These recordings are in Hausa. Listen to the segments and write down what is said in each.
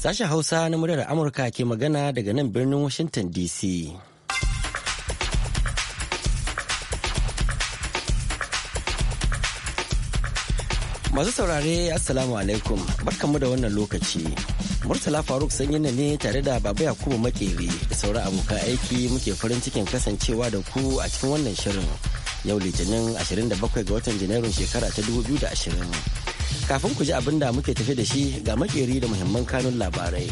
Sashen Hausa na muryar Amurka ke magana daga nan birnin Washington DC. Masu saurare Assalamu alaikum barkanmu da wannan lokaci. Murtala Faruk sanyi ne tare da Baba Yakubu Makeri da sauran abokan aiki muke farin cikin kasancewa da ku a cikin wannan shirin. Yau Litinin 27 ga watan Janairun shekara ta 2020. kafin ku ji abin da muke tafi da shi ga makeri da muhimman kanun labarai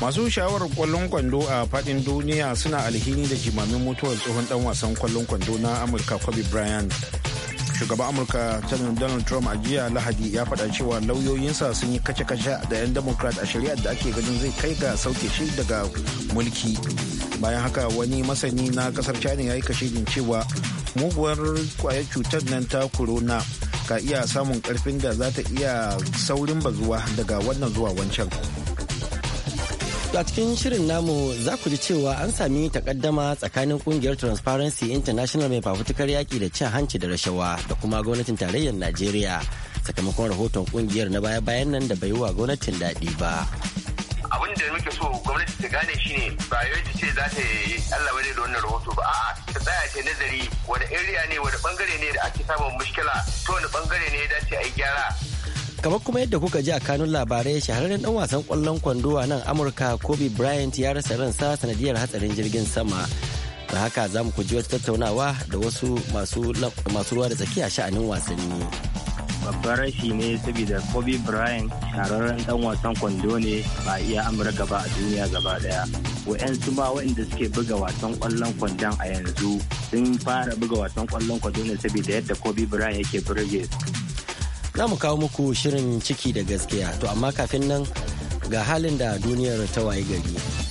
masu shawarar kwallon kwando a fadin duniya suna alhini da jimamin mutuwar tsohon dan wasan kwallon kwando na amurka kobe bryant shugaban amurka donald trump a jiya lahadi ya faɗa cewa lauyoyinsa sun yi kace-kace da 'yan democrat a shari'ar da ake ganin zai kai ga sauke shi daga mulki bayan haka wani masani na kasar china ya yi kashedin cewa muguwar kwayar cutar nan ta corona ka iya samun karfin da za ta iya saurin bazuwa daga wannan zuwa wancan. a cikin shirin namu za ku ji cewa an sami takaddama tsakanin kungiyar transparency international mai fafutukar yaki da cin hanci da rashawa da kuma gwamnatin tarayyar najeriya sakamakon rahoton kungiyar na baya-bayan nan da bai wa gwamnatin daɗi ba. abin da muke so gwamnati ta gane shine ba yau ta ce za ta yi Allah bane da wannan rahoto ba a'a ta tsaya ta nazari wani area ne wani bangare ne da ake samun mushkila to wani bangare ne ya dace a yi gyara kamar kuma yadda kuka ji a kanun labarai shahararren dan wasan kwallon kwando a nan amurka kobe bryant ya rasa ransa sanadiyar hatsarin jirgin sama da haka za mu ji wata tattaunawa da wasu masu ruwa da tsakiya sha'anin wasanni. babban rashi ne saboda kobe bryant shahararren dan wasan kwando ne ba iya amurka ba a duniya gaba daya wa'yansu ma waɗanda suke buga wasan kwallon kwandon a yanzu sun fara buga wasan kwallon kwando ne saboda yadda kobe bryant yake burge su za mu kawo muku shirin ciki da gaskiya to amma kafin nan ga halin da duniyar ta waye gari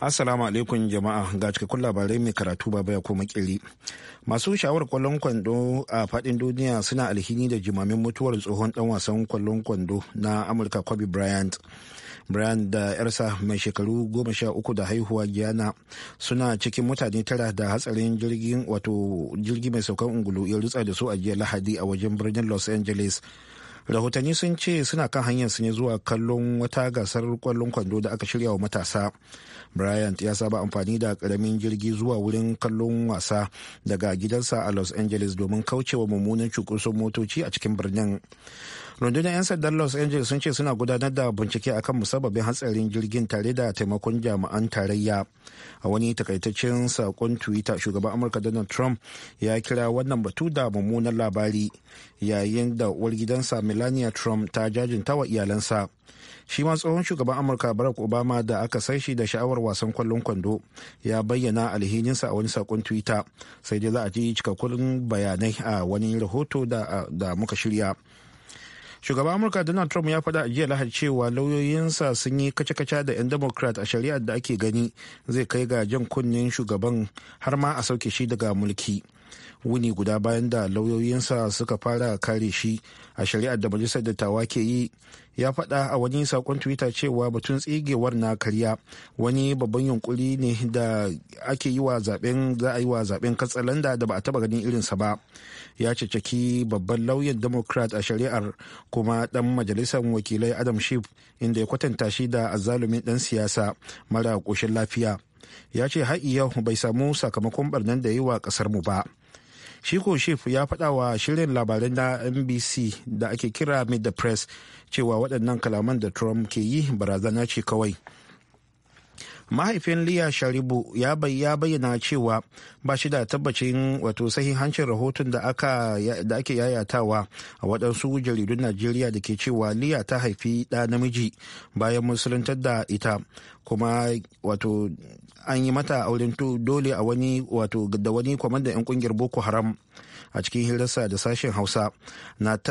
Assalamu alaikum jama'a ga cikakkun labarai mai karatu ba ya ko kiri. Masu shawar kwallon kwando a fadin duniya suna alhini da jimamin mutuwar tsohon dan wasan kwallon kwando na Amurka Kobe Bryant. Bryant da yarsa mai shekaru goma sha uku da haihuwa Giyana suna cikin mutane tara da hatsarin jirgin wato jirgi mai saukan ungulu ya rutsa da su a jiya Lahadi a wajen birnin Los Angeles rahotanni sun ce suna kan hanyar su ne zuwa kallon wata gasar kwallon kwando da aka shirya wa matasa bryant ya saba amfani da karamin jirgi zuwa wurin kallon wasa daga gidansa a los angeles domin kaucewa mummunan cunkoson motoci a cikin birnin rundunar 'yan sandan los angeles sun ce suna gudanar da bincike akan musababin hatsarin jirgin tare da taimakon jami'an tarayya a wani takaitaccen sakon twitter shugaban amurka donald trump ya kira wannan batu da mummunan labari yayin da uwar gidansa melania trump ta jajinta wa iyalansa shi ma tsohon shugaban amurka barack obama da aka sashe shi da sha'awar wasan kwallon kwando ya bayyana alhininsa a wani sakon twitter sai dai za a ji cikakkun bayanai a wani rahoto da muka shirya shugaban amurka donald trump ya faɗa jiya lahadi cewa lauyoyinsa sun yi kaca kaca da 'yan democrat a shari'ar da ake gani zai kai ga jan kunnen shugaban har ma a sauke shi daga mulki wuni guda bayan da lauyoyinsa suka fara kare shi a shari'ar da majalisar dattawa ke yi ya faɗa a wani sakon twitter cewa batun tsigewar na karya wani babban yunkuri ne da ake yi wa zaben za a yi wa zaben katsalanda da ba a taba ganin irinsa ba ya ceceki babban lauyan democrat a shari'ar kuma dan majalisar wakilai adam shif inda ya kwatanta shi da azalumin dan siyasa mara ƙoshin lafiya ya ce har yau bai samu sakamakon barnan da yi wa ƙasar mu ba shi ko shef ya faɗa wa shirin labarai na nbc da ake kira mid the press cewa waɗannan kalaman da trump ke yi barazana ce kawai mahaifin liya sharibu ya bayyana cewa ba shi da tabbacin wato hancin rahoton da ake yayatawa a waɗansu jaridun najeriya da ke cewa liya ta haifi ɗa namiji bayan musuluntar da ita kuma wato an yi mata auren dole a wani wato da wani kwamandan 'yan kungiyar boko haram a cikin hirarsa da sashen hausa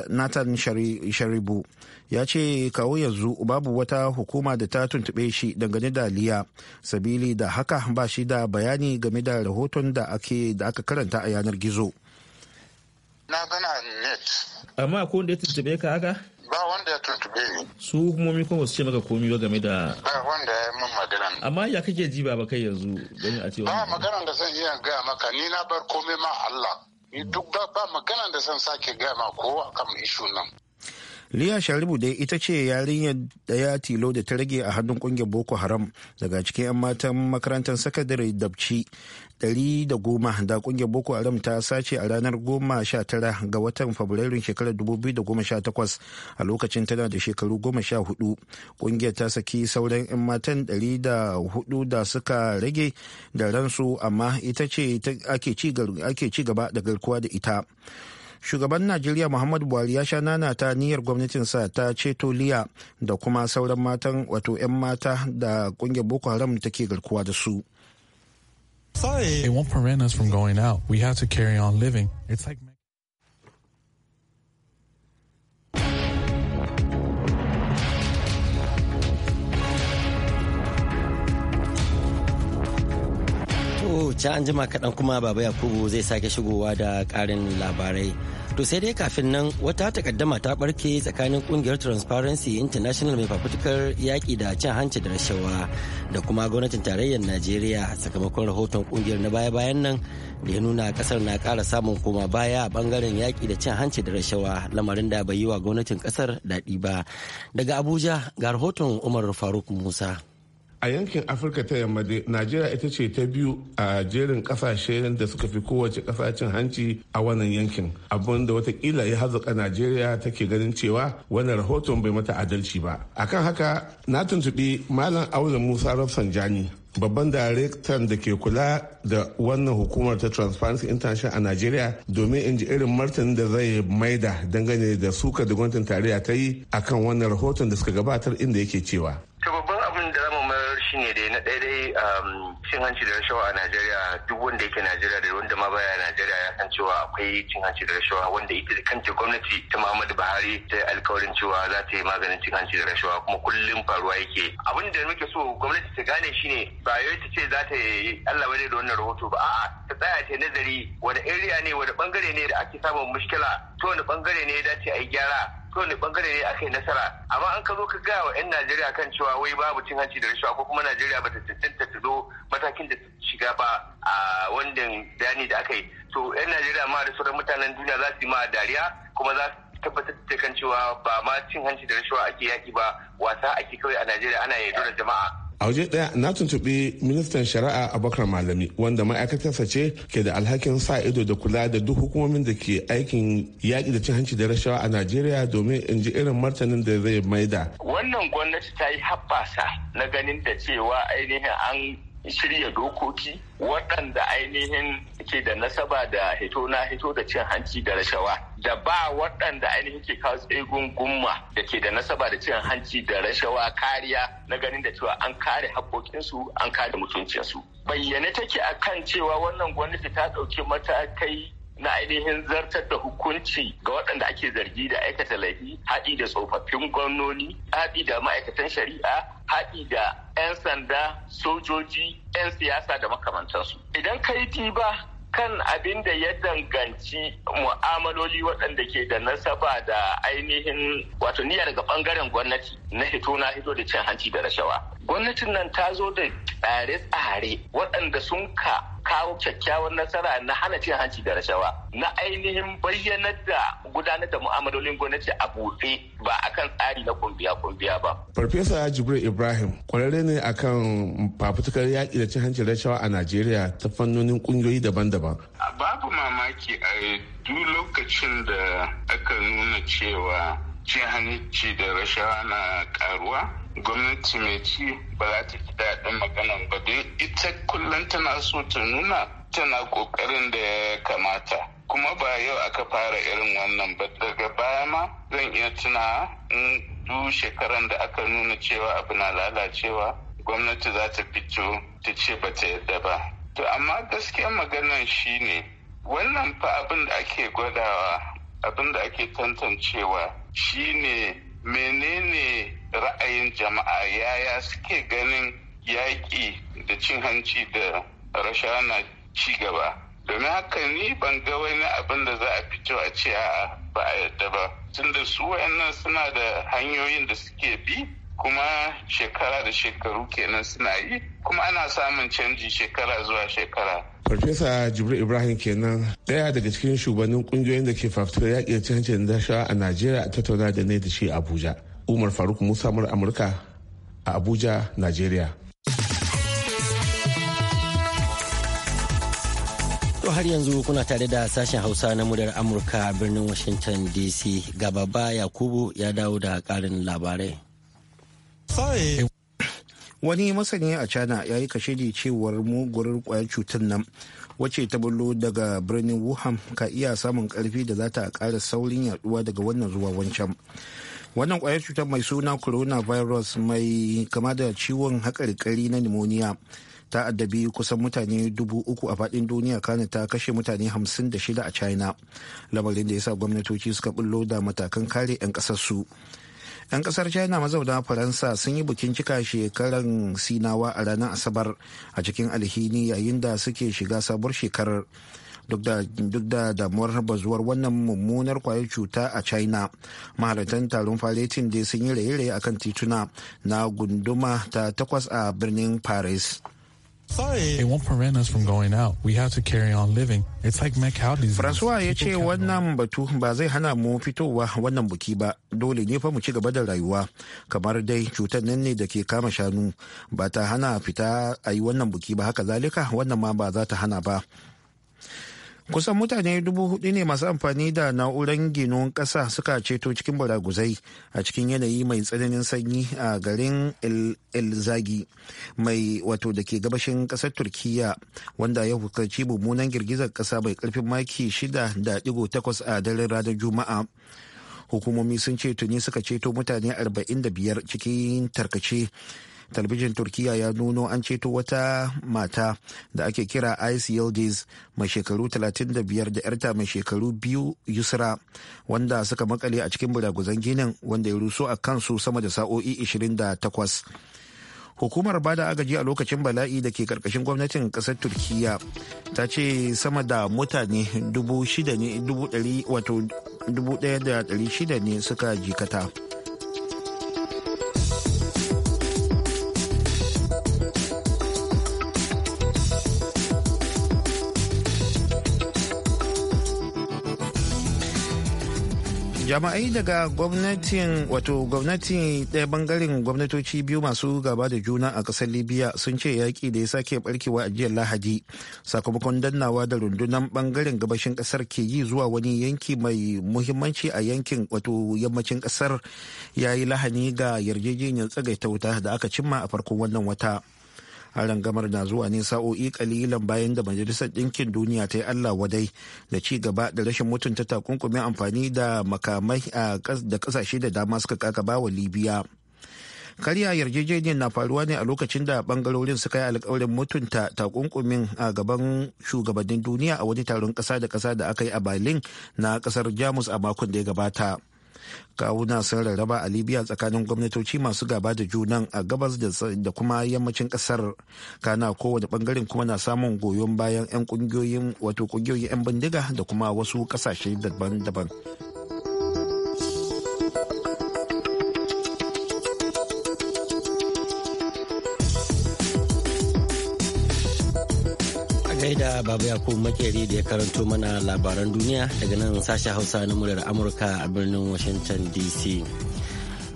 nathan sharibu ya ce kawo yanzu babu wata hukuma da ta tuntube shi dangane da liya sabili da haka ba shi da bayani game da rahoton da aka karanta a yanar gizo. na gana a net amma akwai wanda ya tuntube ka haka ba wanda ya tuntube ni su hukumomi kuma su ce maka komi ba game da ba wanda ya mun magana amma ya kake ji ba kai yanzu don a cewa. ba magana da zan iya gaya maka ni na bar komai ma Allah ni duk ba ba magana da zan sake gaya ma kowa kan ishu nan Liya Sharibu dai ita ce yarinyar ya tilo da ta rage a hannun kungiyar Boko Haram daga cikin 'yan matan makarantar sakadare dabci 110 da kungiyar boko haram ta sace a ranar 19 ga watan fabrairu shekarar 2018 a lokacin tana da shekaru 14 kungiyar ta saki sauran 'yan matan 104 da suka rage da ransu amma ita ce ake ci gaba da garkuwa da ita shugaban najeriya muhammadu buhari ya sha nana ta niyyar gwamnatinsa ta ceto liya da kuma sauran matan wato 'yan mata da kungiyar boko haram take garkuwa da su It won't prevent us from going out. We have to carry on living. It's like. ca an jima kaɗan kuma Baba Yakubu zai sake shigowa da ƙarin labarai. To sai dai kafin nan wata takaddama ta ɓarke tsakanin ƙungiyar Transparency International mai fafutukar yaƙi da cin hanci da rashawa da kuma gwamnatin tarayyar Najeriya sakamakon rahoton ƙungiyar na baya-bayan nan da ya nuna ƙasar na ƙara samun koma baya a bangaren yaƙi da cin hanci da rashawa lamarin da bai yi wa gwamnatin ƙasar daɗi ba. Daga Abuja ga rahoton Umar Faruk Musa. a yankin afirka ta yamma najeriya ita ce ta biyu a jerin kasashe da suka fi kowace kasa cin hanci a wannan yankin abin da watakila ya hazuka najeriya take ganin cewa wannan rahoton bai mata adalci ba akan haka na tuntuɓi malam Aure musa rafsanjani babban daraktan da ke kula da wannan hukumar ta transparency international a nigeria domin in ji irin martanin da zai maida dangane da suka da gwamnatin tarayya ta yi akan wannan rahoton da suka gabatar inda yake cewa ne dai na daidai um, cin hanci da rashawa a Najeriya duk wanda yake Najeriya da wanda ma baya Najeriya ya san cewa akwai cin hanci da rashawa wanda ita da kanta gwamnati ta Muhammadu Buhari ta alkawarin cewa za ta yi maganin cin hanci da rashawa kuma kullum faruwa yake abin da muke so gwamnati ta gane shi ba yau ta ce za ta yi Allah bane da wannan rahoto ba a'a ta tsaya ta nazari wani area ne wani bangare ne da ake samun mushkila to wani bangare ne ya dace a yi gyara kowane bangare ne aka yi nasara amma an ka zo ka gaya wa 'yan najeriya kan cewa wai babu cin hanci da rashawa ko kuma najeriya bata cancanta ta zo matakin da shiga ba a wannan bayani da aka yi to 'yan najeriya ma da sauran mutanen duniya za su yi ma dariya kuma za su tabbatar da kan cewa ba ma cin hanci da rashawa ake yaki ba wasa ake kawai a Najeriya ana da jama'a a waje daya na tuntuɓi ministan shari'a abubakar malami wanda ma'aikatarsa ce ke da alhakin sa ido da kula da duk hukumomin da ke aikin yaƙi da cin hanci da rashawa a najeriya domin in ji irin martanin da zai maida wannan gwamnati ta yi haɓasa na ganin da cewa ainihin an shirya dokoki waɗanda ainihin ke da nasaba da hito na hito da cin hanci da rashawa da ba waɗanda ainihin ke kawo tsegun gumma da ke da nasaba da cin hanci da rashawa kariya na ganin da cewa an kare haƙoƙinsu an kare mutuncinsu bayyane take kan cewa wannan gwamnati ta ɗauki matakai na ainihin zartar da hukunci ga waɗanda ake zargi da aikata laifi haɗi da tsofaffin gwamnoni haɗi da ma'aikatan shari'a haɗi da 'yan sanda sojoji 'yan siyasa da makamantansu idan ka yi diba kan abin da ya danganci mu'amaloli waɗanda ke da nasaba da ainihin wato niyya daga ɓangaren gwamnati na hito na hito da cin hanci da rashawa gwamnatin nan ta zo da tsare-tsare waɗanda sun ka kawo kyakkyawar nasara na hana cin hanci da rashawa na ainihin bayyanar da gudanar da mu'amalolin gwamnati a buɗe ba a kan tsari na kumbiya kumbiya ba. Farfesa Jibril Ibrahim kwararre ne akan fafutukar yaƙi da cin hanci rashawa a Najeriya ta fannonin ƙungiyoyi daban-daban. Babu mamaki a duk lokacin da aka nuna cewa cin hanci da rashawa na karuwa gwamnati mai ci ba za ta ji daɗin maganan ba don ita kullum tana so ta nuna tana ƙoƙarin da ya kamata kuma ba yau aka fara irin wannan ba daga baya ma zan iya tuna in du shekaran da aka nuna cewa abu na lalacewa gwamnati za ta fito ta ce ba ta yadda ba to amma gaskiya maganan ne. wannan fa abin da ake gwadawa abin da ake tantancewa shine menene ra'ayin jama'a yaya suke ganin yaƙi da cin hanci da rasha na ci gaba domin haka ni ban ga wani abin da za a fito a ce a ba a yadda ba tunda su wayannan suna da hanyoyin da suke bi kuma shekara da shekaru kenan suna yi kuma ana samun canji shekara zuwa shekara. Farfesa Jibril Ibrahim kenan daya daga cikin shugabannin kungiyoyin da ke fafita ya da canje da da a Najeriya a tattauna da ne da shi Abuja. Umar Faruk Musa mura Amurka a Abuja, Najeriya. To har yanzu kuna tare da sashen Hausa na muryar Amurka a birnin Washington DC. Gababa Yakubu ya dawo da ƙarin labarai. wani masani a china ya yi kashedi cewar mugurar kwayar cutar nan wacce ta bullo daga birnin wuhan ka iya samun karfi da za ta kara saurin yaduwa daga wannan zuwa wancan wannan kwayar cutar mai suna coronavirus mai kama da ciwon haƙarƙari na pneumonia ta addabi kusan mutane dubu uku a faɗin duniya kana ta kashe mutane hamsin da shida a china lamarin da ya sa gwamnatoci suka bullo da matakan kare 'yan ƙasarsu su 'yan kasar china mazauna faransa sun yi bikin cika shekaran sinawa a ranar asabar a cikin alhini yayin da suke shiga sabuwar shekarar duk da damuwar bazuwar wannan mummunar kwayar cuta a china mahalartan taron faletin da sun yi raye-raye akan tituna na gunduma ta takwas a birnin paris Francois ya ce wannan batu ba zai hana mu fitowa wannan buki ba dole ne fa mu ci gaba da rayuwa kamar dai cutar nan ne da ke kama shanu ba ta hana fita a yi wannan buki ba haka zalika wannan ma ba za ta hana ba kusan mutane dubu hudu ne masu amfani da na'urar ginon ƙasa suka ceto cikin baraguzai a cikin yanayi mai tsananin sanyi a garin elzagi mai wato da ke gabashin ƙasar turkiya wanda ya hukarci mummunan girgizar ƙasa mai karfin maki shida da digo takwas a daren ranar juma'a hukumomi sun ce tuni suka ceto mutane 45 cikin tarkace talabijin turkiya ya nuno an ceto wata mata da ake kira ice mai shekaru 35 da yarta mai shekaru biyu yusra wanda suka makale a cikin buraguzan ginin wanda ya ruso a kansu sama da sa'o'i 28 hukumar bada agaji a lokacin bala'i da ke karkashin gwamnatin kasar turkiya ta ce sama da mutane 1,600 ne suka jikata. jama'ai daga gwamnatin wato gwamnati ɗaya bangaren gwamnatoci biyu masu gaba da juna a ƙasar libya sun ce yaƙi da ya sake barkewa a jiya lahadi sakamakon dannawa da rundunar bangaren gabashin ƙasar ke yi zuwa wani yanki mai muhimmanci a yankin wato yammacin ƙasar ya yi lahani ga yarjejeniyar tsagaita wuta da aka cimma a farkon wannan wata. rangamar na zuwa ne sa'o'i kalilan bayan da majalisar ɗinkin duniya ta yi allah wadai da ci gaba da rashin mutunta takunkumin amfani da makamai da kasashe da dama suka kakaba wa libya karya yarjejeniyar na faruwa ne a lokacin da bangarorin suka yi alkawarin mutunta takunkumin a gaban shugabannin duniya a wani taron kasa da kasa da aka yi a berlin na kasar jamus a makon da ya gabata kawuna sun rarraba a libya tsakanin gwamnatoci masu gaba da junan a gabas da kuma yammacin kasar kana kowane bangaren kuma na samun goyon bayan 'yan kungiyoyin wato kungiyoyin 'yan bindiga da kuma wasu kasashe daban-daban gaida Baba yakub Makeri da ya karanto mana labaran duniya daga nan sashen Hausa na muryar Amurka a birnin Washington DC.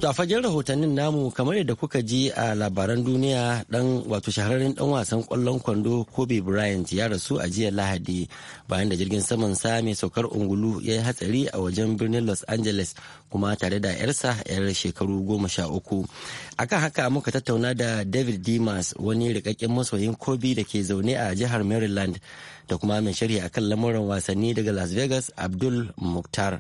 To a fagen rahotannin namu kamar yadda kuka ji a labaran duniya dan wato shahararren dan wasan kwallon kwando Kobe Bryant ya rasu a jiya Lahadi bayan da jirgin saman sa mai saukar ungulu ya yi hatsari a wajen birnin Los Angeles kuma tare da yarsa yar shekaru goma sha uku. Akan haka muka tattauna da David Dimas wani rikakken masoyin Kobe da ke zaune a jihar Maryland da kuma mai sharhi akan lamuran wasanni daga Las Vegas Abdul Mukhtar.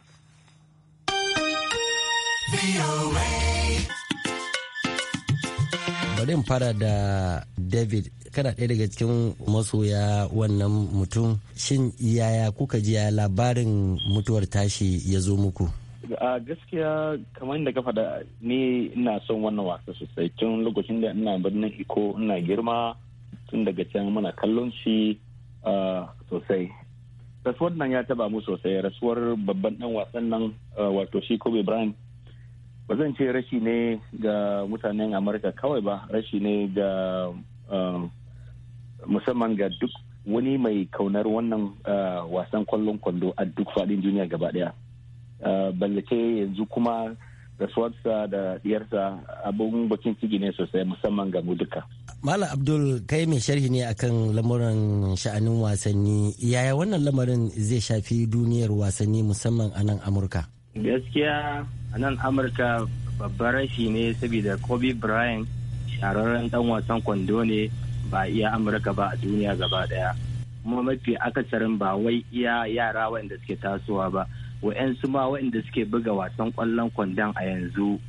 bari in fara da david kana ɗaya daga cikin masoya wannan mutum shin yaya kuka ji ya labarin mutuwar tashi ya zo muku a gaskiya kamar da ka faɗa ni ina son wannan wasa sosai tun lokacin da ina birnin iko ina girma tun daga can muna kallon shi sosai rasuwar nan ya taba mu sosai rasuwar babban dan wasan nan wato shi kobe bryant ba zan ce rashi ne ga mutanen amurka kawai ba rashi ne ga um, musamman ga duk wani mai kaunar wannan uh, wasan kwallon kwando a duk faɗin duniya gaba ɗaya uh, ballace yanzu kuma rasuwarsa da diyarsa abun bakin ciki ne sosai musamman ga mu duka. Malam Abdul kai mai sharhi ne akan lamuran sha'anin wasanni yaya wannan lamarin zai shafi duniyar wasanni musamman a nan Amurka? Gaskiya a nan amurka babban rashi ne saboda kobe bryant shahararren dan wasan kwando ne ba iya amurka ba a duniya gaba daya kuma mafi akasarin ba wai iya yara waɗanda suke tasowa ba wa'yansu ma waɗanda suke buga wasan kwallon kwandon a yanzu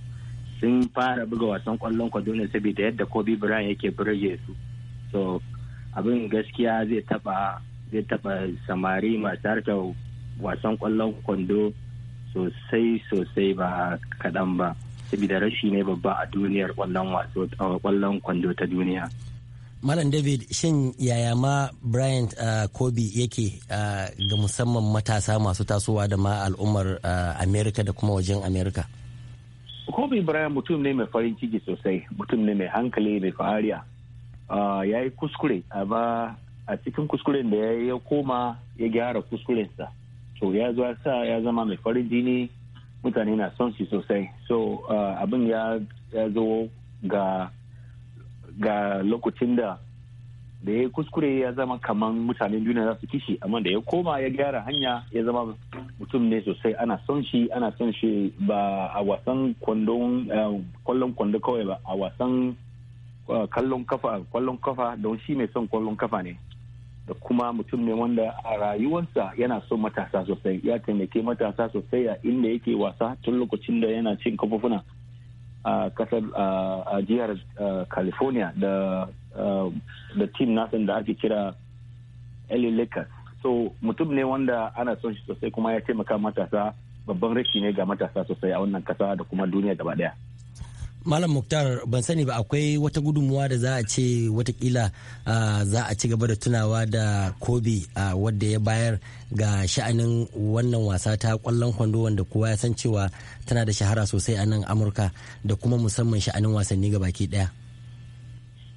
sun fara buga wasan kwallon kwando ne saboda yadda kobe bryant yake burge su so abin gaskiya zai taba zai taba samari masu harkar wasan kwallon kwando sosai sosai ba kaɗan ba saboda rashi ne babba a duniyar kwallon eh, kwando ta duniya malam david shin yaya ma bryant uh, kobe yake uh, ga musamman matasa masu tasowa da ma al'ummar uh, america da kuma wajen amerika kobe bryant mutum ne mai farin ciki sosai mutum ne mai hankali mai fa'ariya ah, ya yi kuskure a cikin kuskuren da ya koma ya gyara kuskurensa to ya zo sa ya zama mai farin jini mutane na son shi sosai so uh, abin ya zo ga ga lokacin da da ya kuskure ya zama kamar mutanen duniya za su kishi amma da ya koma ya gyara hanya ya zama mutum ne sosai ana son shi ana son shi ba a wasan uh, kwallon kwando kawai ba a wasan uh, kallon kafa kwallon kafa don shi mai son kwallon kafa ne da kuma mutum ne wanda a rayuwarsa yana son matasa sosai ya taimake matasa sosai a inda yake wasa tun lokacin da yana cin kafofuna a kasar a jihar california da da nasan da ake kira LA Lakers so mutum ne wanda ana son shi sosai kuma ya taimaka matasa babban rashi ne ga matasa sosai a wannan kasa da kuma duniya gaba daya malam muktar ban sani ba akwai wata gudunmuwa da za a ce watakila ah, za a ci gaba da tunawa da kobe ah, wadda ya bayar ga sha'anin wannan wasa ta kwallon kwando wanda kowa ya san cewa tana da shahara sosai a nan amurka da kuma musamman sha'anin wasanni ga baki daya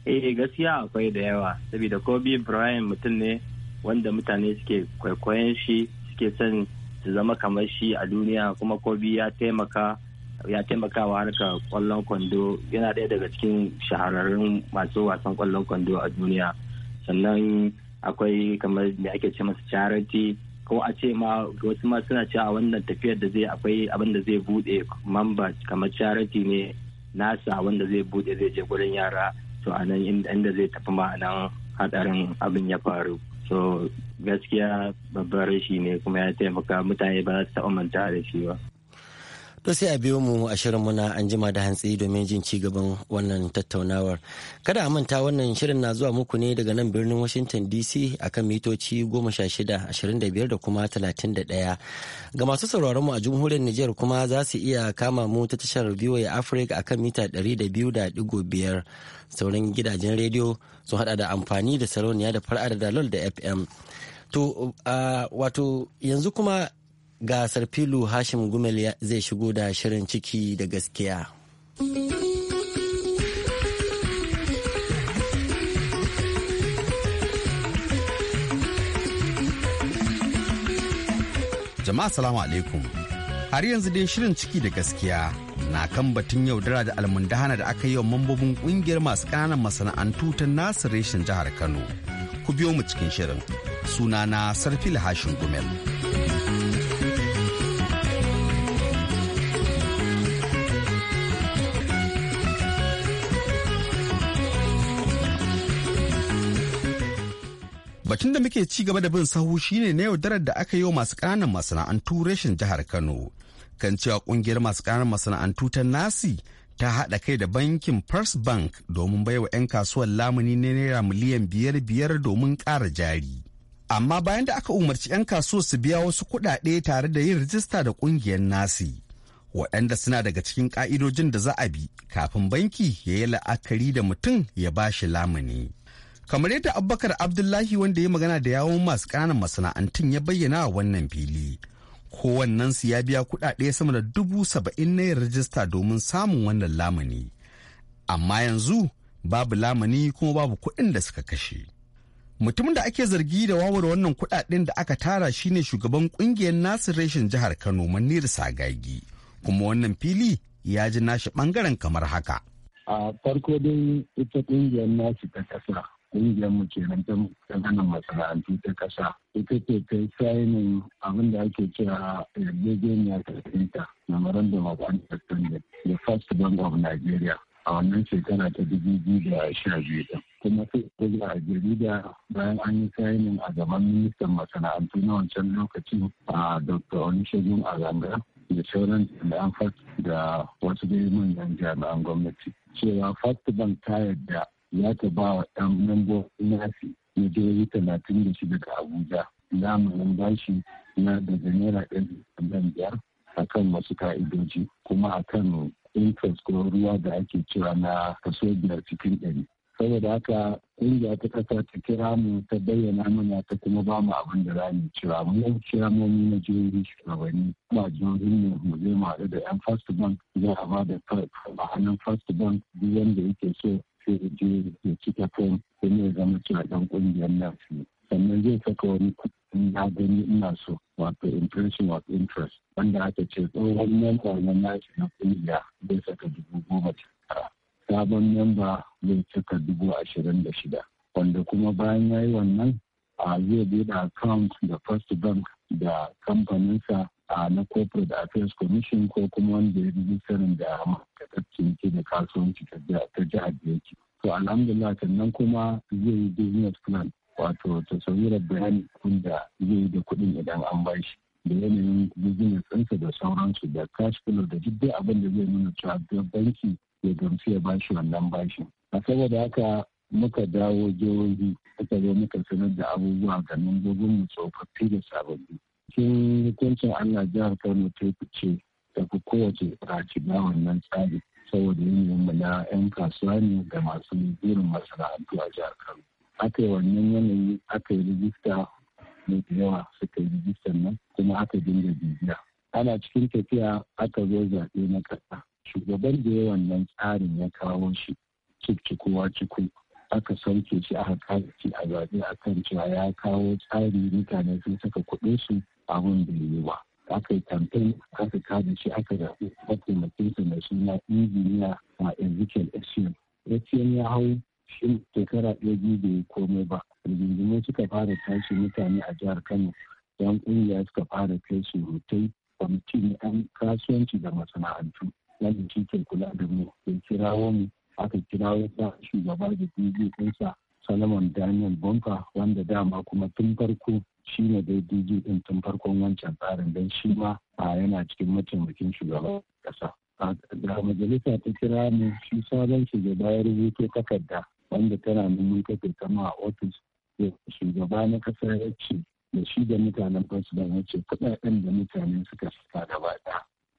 eh gaskiya akwai da yawa saboda kobe bryant mutum ne wanda mutane suke kwaikwayon shi suke son su zama kamar shi a duniya kuma kobe ya taimaka ya taimakawa harka kwallon kwando yana daya daga cikin shahararrun masu wasan kwallon kwando a duniya sannan akwai kamar da ake ce masa charity ko a ce ma wasu ma suna cewa wannan tafiyar da zai akwai abin da zai bude mamba kamar charity ne nasa wanda zai bude zai je gurin yara to a nan inda zai tafi ma nan hadarin abin ya faru so gaskiya babbar rashi ne kuma ya taimaka mutane ba za su taɓa manta da shi ba To sai a biyo mu a muna an jima da hantsi domin jin ci gaban wannan tattaunawar. Kada a manta wannan shirin na zuwa muku ne daga nan birnin Washington DC akan mitoci 16, 25 da kuma 31. Ga masu sauraron mu a jamhuriyar Nijar kuma za su iya kama mu ta tashar VOA Africa akan mita da 200.5 sauran gidajen rediyo sun hada da amfani da sarauniya da far'ada da dalol da FM. To wato yanzu kuma ga sarfilu hashim gumel zai shigo da shirin ciki da gaskiya jama'a salamu alaikum har yanzu dai shirin ciki da gaskiya na kan batun yaudara da almundahana da aka yi wa mambobin kungiyar masu ƙananan masana'antu ta nasir reshen jihar kano ku biyo mu cikin shirin sunana sarfil hashin gumel batun da muke ci gaba da bin sahu shine na yaudarar da aka yi wa masu ƙananan masana'antu reshen jihar Kano. Kan cewa ƙungiyar masu ƙananan masana'antu ta nasi ta haɗa kai da bankin First Bank domin baiwa 'yan kasuwar lamuni na naira miliyan biyar biyar domin ƙara jari. Amma bayan da aka umarci 'yan kasuwar su biya wasu kuɗaɗe tare da yin rijista da ƙungiyar nasi. waɗanda suna daga cikin ƙa'idojin da za a bi kafin banki ya yi la'akari da mutum ya ba shi lamuni. kamar yadda Abubakar abdullahi wanda ya magana da yawon masu ƙananan masana'antun ya bayyana a wannan fili su ya biya kuɗaɗe sama da dubu saba'in na rajista domin samun wannan lamani amma yanzu babu lamani kuma babu kuɗin da suka kashe mutumin da ake zargi da wawar wannan kuɗaɗen da aka tara shine shugaban ƙungiyar nasir reshen jihar kano manir sagagi kuma wannan fili ya ji nashi ɓangaren kamar haka a farko dai ita ƙungiyar nasu ta kasa ƙungiyar mu nan ta ƙananan masana'antu ta ƙasa ita ce ta sainin abin da ake cewa yarjejeniyar ta memorandum of understanding the first bank of nigeria a wannan shekara ta dubu biyu da sha biyu kuma sai kuma a jarida bayan an yi sainin a gaban ministan masana'antu na wancan lokacin a dr onishegun azanga da sauran da fat da wasu yi manyan jami'an gwamnati cewa fast bank ta yadda Ya ta ba wa ɗan mambo nasi na jihohi talatin da shida ga abuja zamanin bashi na daga naira ɗari biyar a kan masu ka'idoji kuma a kan interest ko ruwa da ake cewa na kaso biyar cikin ɗari saboda haka ƙungiya ta ƙasa ta kira mu ta bayyana mana ta kuma ba mu abin da rani cewa mu kira mu na jihohi shugabanni kuma jihohin mu mu zai mu haɗu da yan first bank za a ba da a Fast first bank duk wanda yake so sai ya je ya cika fom sai ya zama a dan kungiyar nasu sannan zai saka wani kuɗin na gani ina so wato impression of interest wanda aka ce tsohon memba na nasu na kungiya zai saka dubu goma tara sabon memba zai saka dubu ashirin da shida wanda kuma bayan ya yi wannan a zai bai da account da first bank da kamfaninsa a na corporate affairs commission ko kuma wanda ya rijistarin da ciniki da kasuwanci ta jihar da yake to alhamdulillah sannan kuma zai yi business plan wato tasawirar bayani da zai yi da kuɗin idan an ba shi da yanayin business ɗinsa da sauransu da cash flow da duk dai abin da zai nuna cewa banki ya gamsu ya ba shi wannan shi. a saboda haka muka dawo jihohi muka zo muka sanar da abubuwa ga mu tsofaffi da sababbi cikin hukuncin allah jihar kano ta fice tafi kowace raci wannan tsari saboda yin na 'yan kasuwa ne da masu irin masana'antu a jihar kano aka yi wannan yanayi aka yi rijista ne da yawa suka yi rijistan nan kuma aka dinga bibiya ana cikin tafiya aka zo zaɓe na ƙasa shugaban da ya wannan tsarin ya kawo shi cik kowa ciku aka sauke shi aka kaci a zaɓe a kan cewa ya kawo tsari mutane sun saka kuɗin su abin da yi ba aka yi kamfen aka kada shi aka zaɓi mataimakinsa mai suna injiniya a ezekiel esiyon ce ya hau shi shekara ɗaya biyu bai komai ba rigingimu suka fara tashi mutane a jihar kano yan ƙungiya suka fara kai su hutai kwamiti ne an kasuwanci da masana'antu wanda shi ke kula da mu ya kirawo mu aka kirawo sa shugaba da bidiyo ɗinsa Solomon Daniel Bonka wanda dama kuma tun farko shi ne dai DG din tun farkon wancan tsarin don shi ma yana cikin mataimakin shugaban kasa. Da majalisa ta kira mu shi sabon shugaba ya rubuto takarda wanda tana nuna kafin kama a ofis shugaba na kasa ya ce da shi da mutanen president ya ce kuɗaɗen da mutane suka saka gaba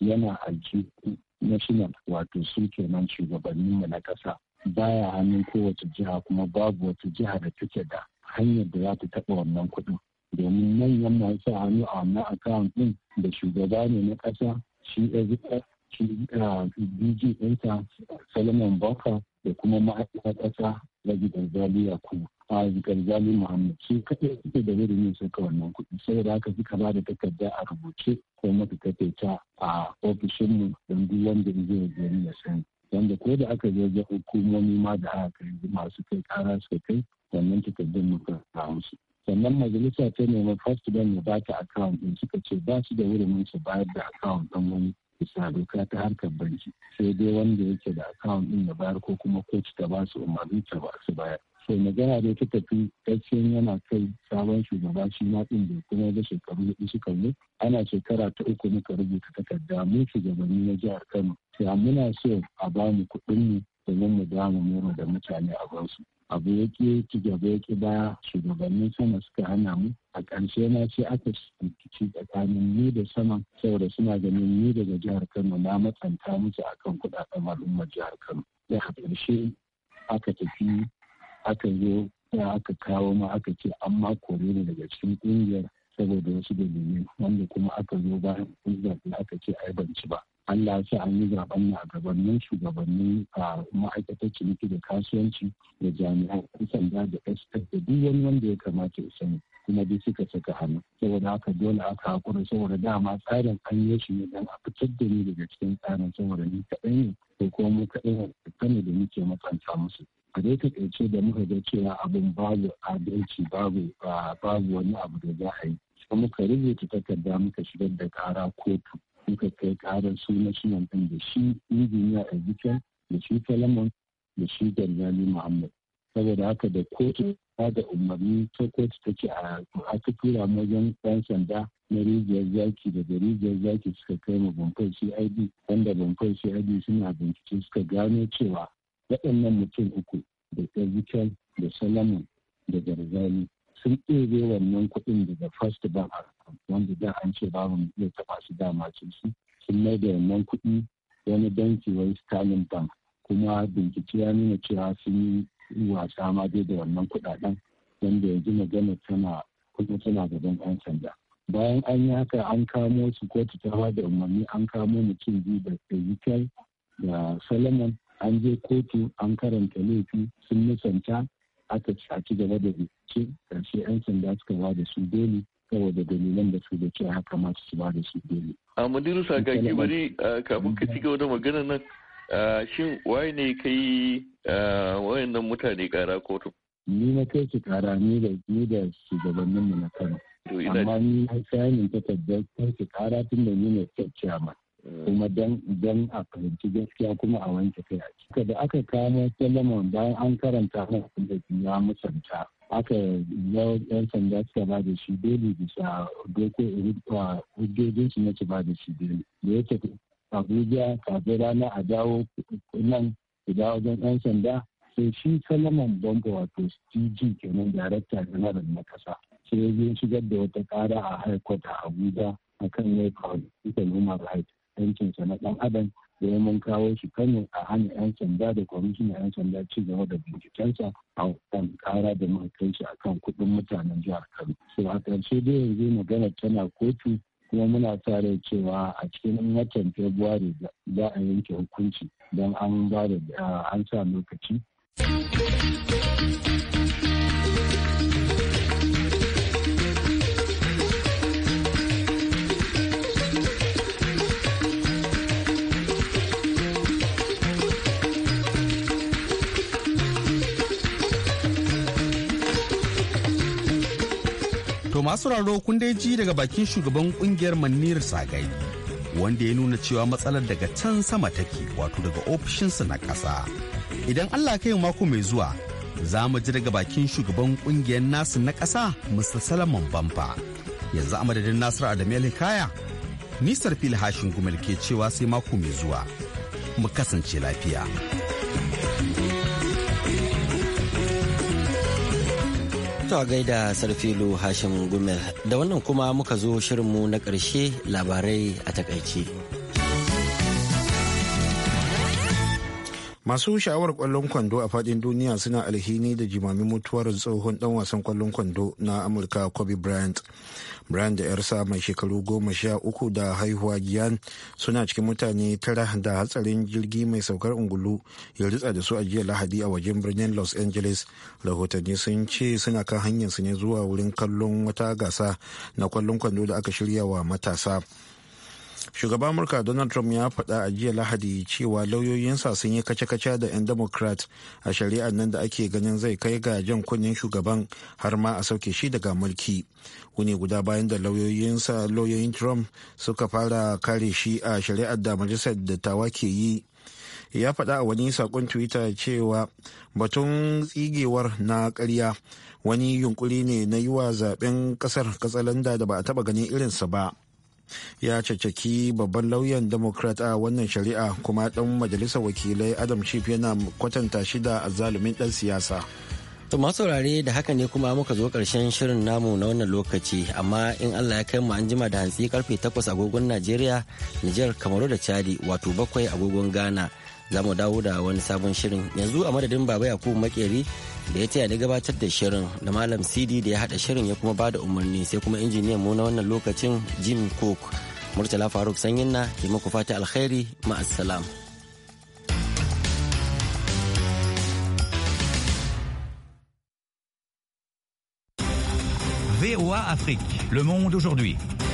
yana aljihu national wato su kenan shugabanninmu na kasa baya hannun kowace jiha kuma babu wata jiha da take da hanyar da za ta taɓa wannan kuɗi. domin manyan masu hannu a wannan akawun ɗin da shugaba ne na ƙasa shi ah, bg ɗinsa solomon baka da kuma ma'aikatar ƙasa zali garzaliya kuma a ah, garzali muhammad shi kaɗai suke da wurin yin suka wannan kuɗi Sai da aka zika ba da takarda a rubuce ko mata ta a ofishinmu don duk wanda zai gari ya sani wanda ko da aka zai zai hukumomi ma da aka kai masu kai kara suka kai wannan takardun muka samu su sannan majalisa ta nemi first bank ya bata account din suka ce ba su da wurin su bayar da akawun din wani bisa doka ta harkar banki sai dai wanda yake da akawun din ya bayar ko kuma ko ta ba su umarni ta ba su bayar to magana da ta tafi gaskiyan yana kai sabon shugaba shi ma ɗin da kuma da shekaru hudu suka yi ana shekara ta uku muka rubuta takarda mu shugabanni na jihar kano Ya muna so a ba mu kuɗin mu domin mu dama mura da mutane a gansu abu yake ke ci gaba ya baya shugabannin sama suka hana mu a ƙarshe na ce aka rikici tsakanin ni da sama saboda suna ganin ni daga jihar kano na matsanta musu akan kuɗaɗen al'ummar jihar kano da ƙarshe aka tafi aka zo aka kawo ma aka ce an kore ne daga cikin ƙungiyar saboda wasu dalilai wanda kuma aka zo bayan ƙungiyar da aka ce ai ban ci ba Allah ya sa an yi zaben a gabanin shugabannin a ma'aikatar ciniki da kasuwanci da jami'an sanda da SF da duk wani wanda ya kamata ya sani kuma dai suka saka hannu saboda haka dole aka hakura saboda dama tsarin an yi shi ne dan a fitar da ni daga cikin tsarin saboda ni kaɗai ne ko kuma mu kaɗai ne da muke makanta musu a dai takaice da muka ga cewa abin babu adalci babu babu wani abu da za a yi sai muka rubuta takarda muka shigar da kara kotu muka kai karar su national din da shi injiniya ezekiel da shi Talamon da shi muhammad saboda haka da kotu ta da umarni ta kotu ta ce a aka tura wajen ɗan sanda na rijiyar zaki daga rijiyar zaki suka kai ma bamfai cid wanda bamfai cid suna bincike suka gano cewa waɗannan mutum uku da ezekiel da solomon da garzani sun ɗebe wannan kuɗin daga first bank wanda da an ce babu mu iya taɓa su dama ce su sun mai da wannan kuɗi wani banki wai sterling bank kuma bincike ya nuna cewa sun yi wasa ma dai da wannan kuɗaɗen wanda yanzu magana tana kuma tana gaban 'yan sanda bayan an yi haka an kamo su kotu ta da umarni an kamo mutum biyu da ezekiel da solomon an je kotu an karanta laifi sun nisanta aka ci gaba da bincike karshe 'yan sanda suka ba da su dole saboda dalilan da su da ce haka masu su ba da su dole. a madiru sagagi bari kafin ka ci gaba da magana nan shin waye ne ka yi wayannan mutane kara kotu. ni na kai su kara ni da ni da shugabanninmu na kano amma ni na sayanin takardar kai su kara tun da ni ne kyakkyawa kuma don a fahimci gaskiya kuma a wanke kai a ciki da aka kamo solomon bayan an karanta masa da ya musanta aka yan sanda suka ba da shi dole bisa doko hujjojin su na su ba da shi dole da yake abuja kafin rana a dawo nan su dawo don yan sanda sai shi solomon bamba wato dg kenan darakta general na kasa sai ya shigar da wata kara a high a abuja akan kan ya faru yankinsa na ɗan adam da mun kawo shi kano a hana 'yan sanda da kwamishin 'yan sanda ci gaba da bincikensa a kan kara da muka kai shi akan kuɗin mutanen jihar kano su a ƙarshe da yanzu magana tana kotu kuma muna sa cewa a cikin watan february za a yanke hukunci don an ba da an sa lokaci To masu raro kun dai ji daga bakin shugaban kungiyar Manir Sagai wanda ya nuna cewa matsalar daga can sama take wato daga ofishinsa na ƙasa. Idan Allah kai mako mai zuwa za mu ji daga bakin shugaban kungiyar nasu na ƙasa Mr. Salaman Bamfa. Yanzu a madadin Nasiru Adamu Kaya, Nisar Fil Hashin Gumel ke cewa sai mako mai zuwa. Mu kasance lafiya. To gaida sarfilu Hashim Gumel da wannan kuma muka zo shirinmu na ƙarshe labarai a takaice. masu sha'awar kwallon kwando a fadin duniya suna alhini da jimamin mutuwar tsohon dan wasan kwallon kwando na amurka kobe bryant bryant da yarsa mai shekaru goma sha uku da haihuwa giyan suna cikin mutane tara da hatsarin jirgi mai saukar ungulu ya ritsa da su a jiya lahadi a wajen birnin los angeles rahotanni sun ce suna kan hanyar su ne zuwa wurin kallon wata gasa na kwallon kwando da aka shirya wa matasa shugaban amurka donald trump ya faɗa a jiya lahadi cewa lauyoyinsa sun yi kace-kace da 'yan democrat a shari'ar nan da ake ganin zai kai ga jan kunnen shugaban har ma a sauke shi daga mulki wuni guda bayan da lauyoyinsa lauyoyin trump suka fara kare shi a shari'ar da majalisar dattawa ke yi ya faɗa a wani sakon twitter cewa batun tsigewar na karya wani yunkuri ne na yi wa zaben ƙasar katsalanda da ba a taɓa ganin irinsa ba ya caccaki babban lauyan democrat a wannan shari'a kuma dan majalisar wakilai adam chief yana kwatanta shi da zalumin dan siyasa To masu saurare da haka ne kuma muka zo karshen shirin namu na wannan lokaci amma in Allah ya kai mu an jima da hantsi karfe 8 agogon Najeriya, Nijar, Kamaru da Chadi wato bakwai agogon Ghana. za mu dawo da wani sabon shirin yanzu a madadin baba yakubu makeri da ya taya ni gabatar da shirin da malam cd da ya hada shirin ya kuma bada umarni sai kuma injiniyan mu na wannan lokacin jim cook murtala faruk sanyin na ke muku fata alkhairi ma'assalam. VOA Afrique. Le monde aujourd'hui.